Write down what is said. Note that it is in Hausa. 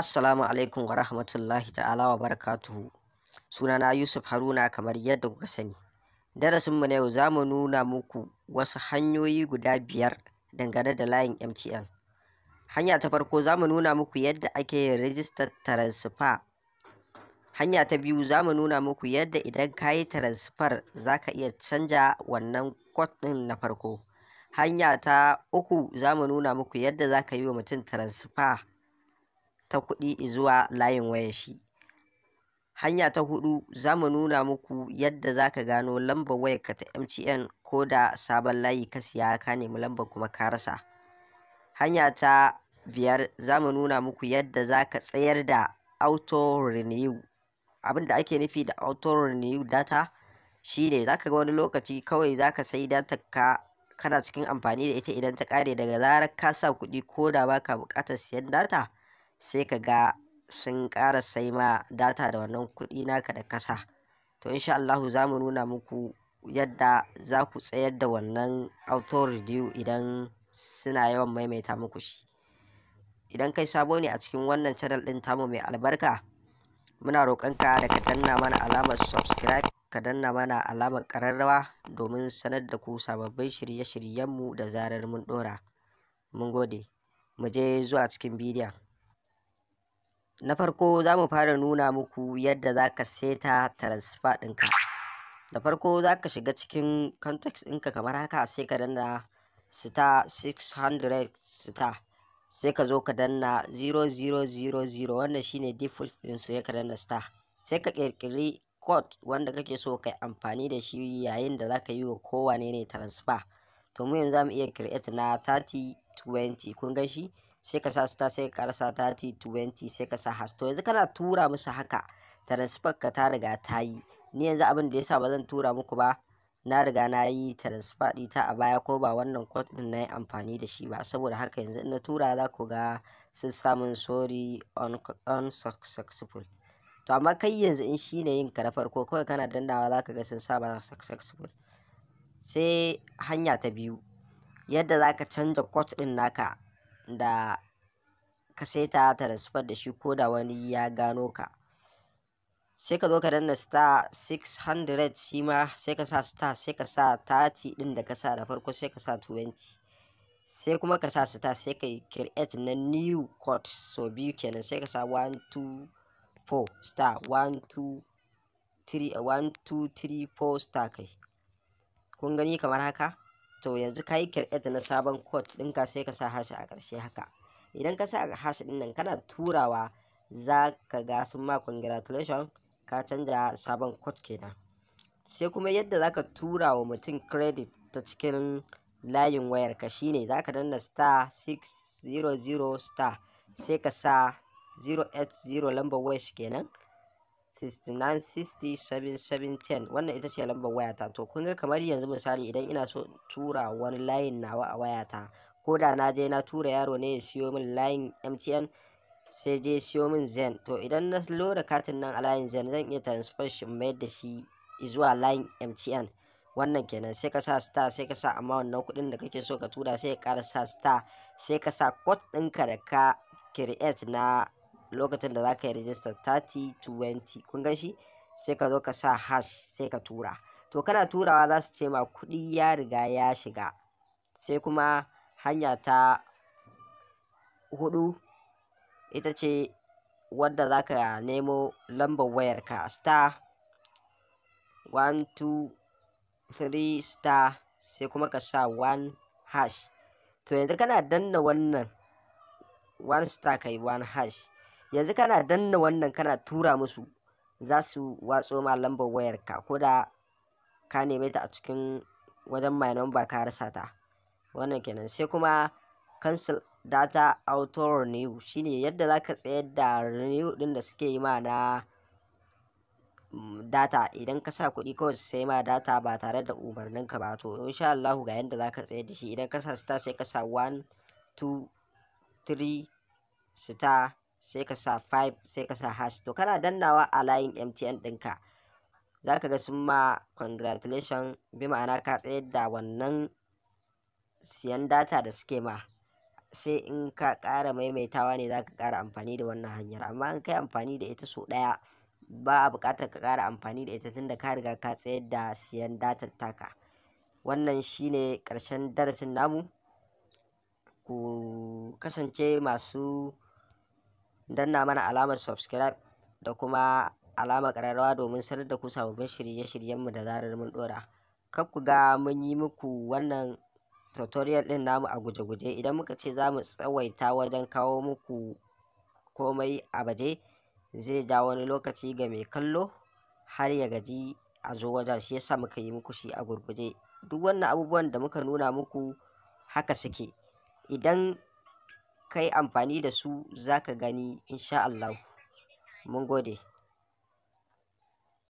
Assalamu alaikum wa rahmatullahi ta'ala wa barakatuhu. Sunana Yusuf Haruna kamar yadda kuka sani. Darasinmu na yau za mu nuna muku wasu hanyoyi guda biyar dangane da layin MTN. Hanya ta farko za mu nuna muku yadda ake yin rijistar transfer. Hanya ta biyu za mu nuna muku yadda idan ka yi transfer za ka iya canja wannan kwat ɗin na farko. Hanya ta uku za mu nuna muku yadda za ka yi wa mutum transfer ta kuɗi zuwa layin wayar shi. Hanya ta hudu za mu nuna muku yadda za ka gano lambar wayarka ta MTN ko da sabon layi ka siya ka nemi lambar kuma ka rasa. Hanya ta biyar za mu nuna muku yadda za ka tsayar da auto renew abin ake nufi da auto renew data shi ne za ka ga wani lokaci kawai za ka sai data ka kana cikin amfani da ita idan ta kare daga zarar ka sa kuɗi ko da ba ka buƙatar siyan data sai ka ga sun ƙara sai ma data da wannan kuɗi naka da kasa to insha Allahu za mu nuna muku yadda za ku tsayar da wannan auto review idan suna yawan maimaita muku shi idan kai sabo ne a cikin wannan channel ɗin tamu mai albarka muna roƙonka da ka danna mana alamar subscribe ka danna mana alamar ƙararrawa domin sanar da ku sababbin shirye-shiryenmu da zarar mun ɗora mun gode mu je zuwa cikin bidiyon na farko za mu fara nuna muku yadda za ka seta transfer ɗinka da farko za ka shiga cikin context ɗinka kamar haka sai ka danna star 600 star sai ka zo ka danna 0000 wannan shine default ɗin su ya ka danna star sai ka ƙirƙiri code wanda kake so ka yi amfani da shi yayin da za ka yi wa kowane ne transfer to mu yanzu za mu iya create na 3020 kun gan shi sai ka sa star sai ka karasa 30 20 sai ka sa hash to yanzu kana tura musu haka transfer ka ta riga ta yi ni yanzu abin da yasa ba zan tura muku ba na riga na yi transfer ta a baya ko ba wannan code din na yi amfani da shi ba saboda haka yanzu na tura za ku ga sun samun sorry successful. to amma kai yanzu in shine yin ka na farko kawai kana dandawa za ka ga sun sa ba successful sai hanya ta biyu yadda za ka canja code din naka da ka saita transfer da shi ko da wani ya gano ka sai ka zo ka danna star 600 shi ma sai ka sa star sai ka sa 30 din da ka sa da farko sai ka sa 20 sai kuma ka sa star sai ka create na new code so biyu kenan sai ka sa 124 star 123 4 star kai kun gani kamar haka to yanzu ka yi kirɗe na sabon code ɗinka sai ka sa hash a ƙarshe haka idan ka sa hash ɗin nan kana turawa za ka ga sun ma congratulation ka canja sabon kot kenan sai kuma yadda za ka tura wa mutum credit ta cikin layin wayarka shine za ka danna star 600 star sai ka sa 080 lambar waya kenan 10 wannan ita ce lambar wayata to kun ga kamar yanzu misali idan ina so tura wani layin nawa a wayata ko da na je na tura yaro ne ya siyo min layin MTN sai je siyo min Zen to idan na loda katin nan a layin Zen zan iya transfer shi mayar da shi zuwa layin MTN wannan kenan sai ka sa star sai ka sa amma wannan kuɗin da kake so ka tura sai ka ƙara sa star sai ka sa code ɗinka da ka create na lokacin da za ka yi rijistar 3020 kun gan shi sai ka zo ka sa hash sai ka tura to kana turawa za su ce ma kuɗi ya riga ya shiga sai kuma hanya ta hudu ita ce wadda za ka nemo lambar wayar ka star 123 star sai kuma ka sa 1 hash to yanzu kana danna wannan 1 star ka yi 1 hash yanzu kana danna wannan kana tura musu za su watso ma lambar wayarka ko da ka neme ta a cikin wajen mai namba ka rasa ta wannan kenan sai kuma cancel data auto renew shine yadda za ka tsayar da renew din da suke yi ma na mm, data idan ka sa kuɗi kawai sai ma data ba tare da umarnin ka ba to insha Allah ga yadda za ka tsayar da shi idan ka sa star sai ka sa 1 2 3 star sai ka sa 5 sai ka sa hash to kana dannawa a layin mtn ɗinka za ka ga sun ma congratulation bi ma'ana ka tsayar da wannan siyan data da suke ma sai in ka ƙara maimaitawa ne za ka ƙara amfani da wannan hanyar amma in ka yi amfani da ita so ɗaya ba a buƙatar ka kara amfani da ita tunda ka riga ka tsayar da siyan datar taka wannan shine karshen darasin namu ku kasance masu danna mana alamar subscribe da kuma alamar ƙararrawa domin sanar da ku sababbin shirye-shiryenmu da zarar mun ɗora kar ku ga mun yi muku wannan tutorial ɗin namu a guje-guje idan muka ce za mu tsawaita wajen kawo muku komai a baje zai ja wani lokaci ga mai kallo har ya gaji a zo wajen shi yasa muka yi muku shi a gurguje duk wannan abubuwan da muka nuna muku haka suke idan Kai amfani da su za ka gani insha Allahu. Mun gode.